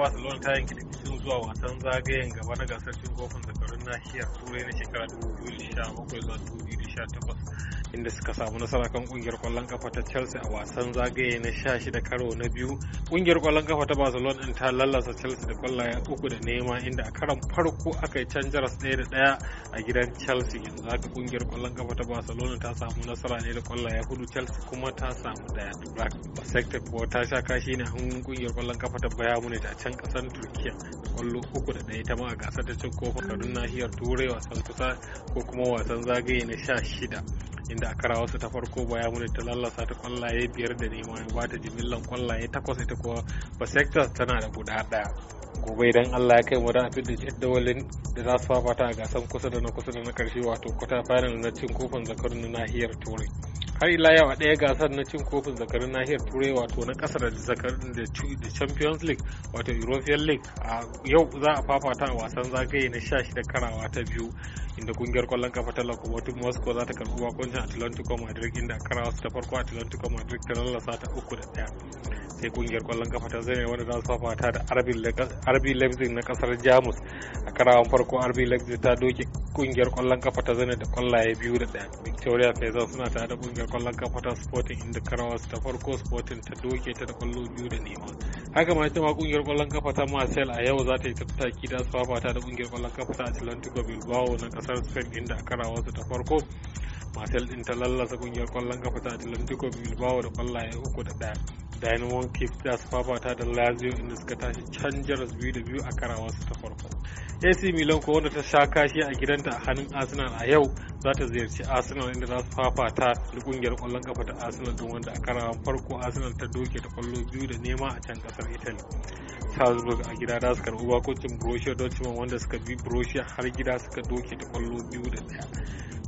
barcelona ta yanke da zuwa wasan zagayen gaba na gasar cin kofin da wasannin nahiyar turai na shekara 2017 2018 inda suka samu nasara kan kungiyar kwallon kafa ta chelsea a wasan zagaye na 16 karo na biyu kungiyar kwallon kafa ta barcelona din ta lallasa chelsea da kwallaye uku da nema inda a karan farko aka yi can jaras ɗaya da ɗaya a gidan chelsea yanzu haka kungiyar kwallon kafa ta barcelona ta samu nasara ne da kwallaye hudu chelsea kuma ta samu daya ba sector kuwa ta sha kashi ne hannun kungiyar kwallon kafa ta baya ne ta can kasan turkiya kwallo uku da ɗaya ta ma a gasar ta cin kofin nahiyar turai wasan kusa ko kuma wasan zagaye na sha shida inda a kara wasu ta farko baya muni ta lallasa ta kwallaye biyar da nema ya bata jimillan kwallaye takwas ita kuwa basectas tana da guda daya gobe idan Allah ya kai mu da afid da jadawalin da za su fafata a gasan kusa da na kusa da na karshe wato kwata final na cin kofin zakarun nahiyar turai har ila yau a ɗaya gasar na cin kofin zakarin nahiyar turai wato na ƙasar da champions league wato european league a yau za a fafata a wasan zagaye na 16 karawa ta biyu inda kungiyar kwallon kafa ta locomotive moscow za ta karbi bakoncin atlantico madrid inda karawa su ta farko atlantico madrid ta lallasa ta uku da ɗaya sai kungiyar kwallon kafa ta zane wanda za su fafata da rb leipzig na ƙasar jamus a karawan farko rb leipzig ta doke kungiyar kwallon kafa ta zane da kwallaye biyu da daya victoria faisal suna tare da kungiyar kwallon kafa ta sporting inda karawas ta farko sporting ta doke ta da kwallo biyu da nema haka ma ita kungiyar kwallon kafa ta marcel a yau za ta yi tattaki da su fafata da kungiyar kwallon kafa ta atlantico bilbao na kasar spain inda a karawarsu ta farko marcel din ta lallasa kungiyar kwallon kafa ta atlantico bilbao da kwallaye uku da daya dynamo cape za su fafata da lazio inda suka tashi can jaras biyu da biyu a karawarsu ta farko ac milan ko wanda ta sha kashi a gidanta a hannun arsenal a yau za ta ziyarci arsenal inda za su fafata da kungiyar kwallon kafa ta arsenal don wanda a karawar farko arsenal ta doke ta kwallo biyu da nema a can kasar italy salzburg a gida da su karbi bakocin borussia dortmund wanda suka bi borussia har gida suka doke ta kwallo biyu da daya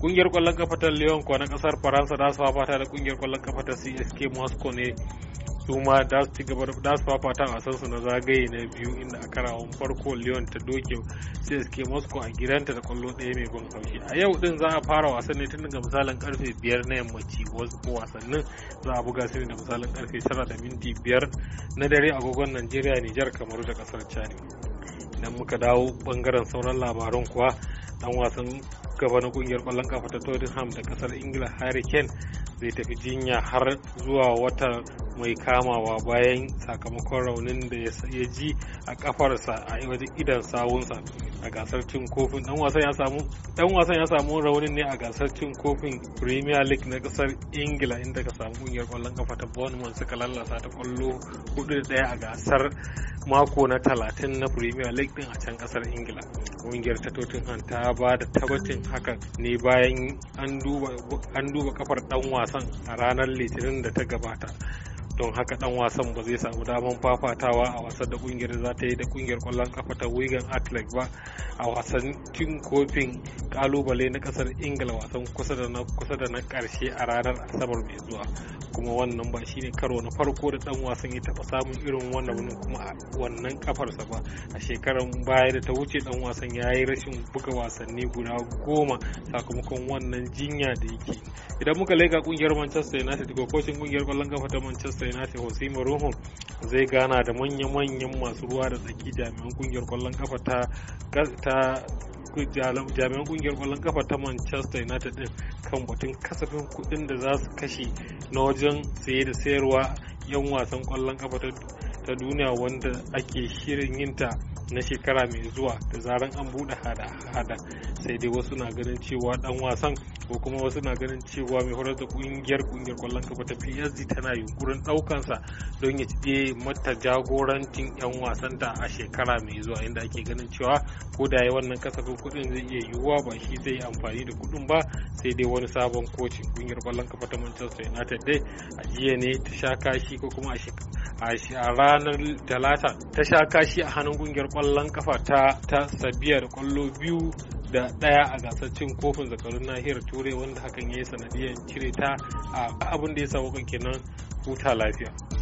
kungiyar kwallon kafa ta lyon kuwa na kasar faransa za su fafata da kungiyar kwallon kafa ta csk moscow ne su ma da su ci gaba da su wasansu na zagaye na biyu inda a karawan farko Lyon ta doke CSK Moscow a gidanta da kwallo ɗaya mai ban a yau din za a fara wasan ne tun daga misalin karfe biyar na yammaci wasannin za a buga su ne da misalin karfe tara da minti biyar na dare agogon Najeriya Nijar kamar da kasar Chad idan muka dawo bangaren sauran labarun kuwa dan wasan gaba na kungiyar kwallon kafa ta Tottenham da kasar Ingila Harry Kane zai tafi jinya har zuwa wata mai kamawa bayan sakamakon raunin da ya ji a kafarsa a wajen idan sawunsa a gasar cin kofin dan wasan ya samu raunin ne a gasar cin kofin Premier League na kasar Ingila inda ka samu kungiyar kwallon kafa ta Bournemouth suka lallasa ta kwallo 4-1 a gasar mako na 30 na Premier League din a can kasar Ingila kungiyar ta Tottenham ta ba da tabbacin hakan ne bayan an duba kafar dan wasan a ranar Litinin da ta gabata don haka dan wasan ba zai samu damar fafatawa a wasan da kungiyar za ta yi da kungiyar kwallon kafa ta wigan athletic ba a wasan cin kofin kalubale na kasar ingila wasan kusa da na karshe a ranar asabar mai zuwa kuma wannan ba shi ne karo na farko da dan wasan ya taba samun irin wannan wani kuma a wannan kafarsa ba a shekaran baya da ta wuce dan wasan ya yi rashin buga wasanni guda goma sakamakon wannan jinya da yake idan muka laika kungiyar Manchester United ko kocin kungiyar kwallon kafa ta Manchester United hosi Mourinho zai gana da manya-manyan masu ruwa da tsaki jami'an kungiyar kwallon kafa ta jami'an kungiyar kwallon kafa ta manchester united din kan batun kasafin kudin da za su kashe na wajen saye da sayarwa yan wasan kwallon kafa ta duniya wanda ake shirin yinta na shekara mai zuwa da zaran an bude hada-hada sai dai wasu na ganin cewa dan wasan ko kuma wasu na ganin cewa mai horar da kungiyar kungiyar kwallon kafa ta psg tana yunkurin daukansa don ya ɗauke mata jagorancin 'yan wasanta a shekara mai zuwa inda ake ganin cewa ko da wannan kasafin kuɗin zai iya yiwuwa ba shi zai yi amfani da kuɗin ba sai dai wani sabon kocin ƙungiyar ƙwallon kafa ta manchester united dai a jiya ne ta sha kashi ko kuma a ranar talata ta sha kashi a hannun kungiyar ƙwallon kafa ta ta da ƙwallo biyu da ɗaya a gasar cin kofin zakarun nahiyar turai wanda hakan ya yi sanadiyar cire ta a abin da ya samu kenan huta lafiya.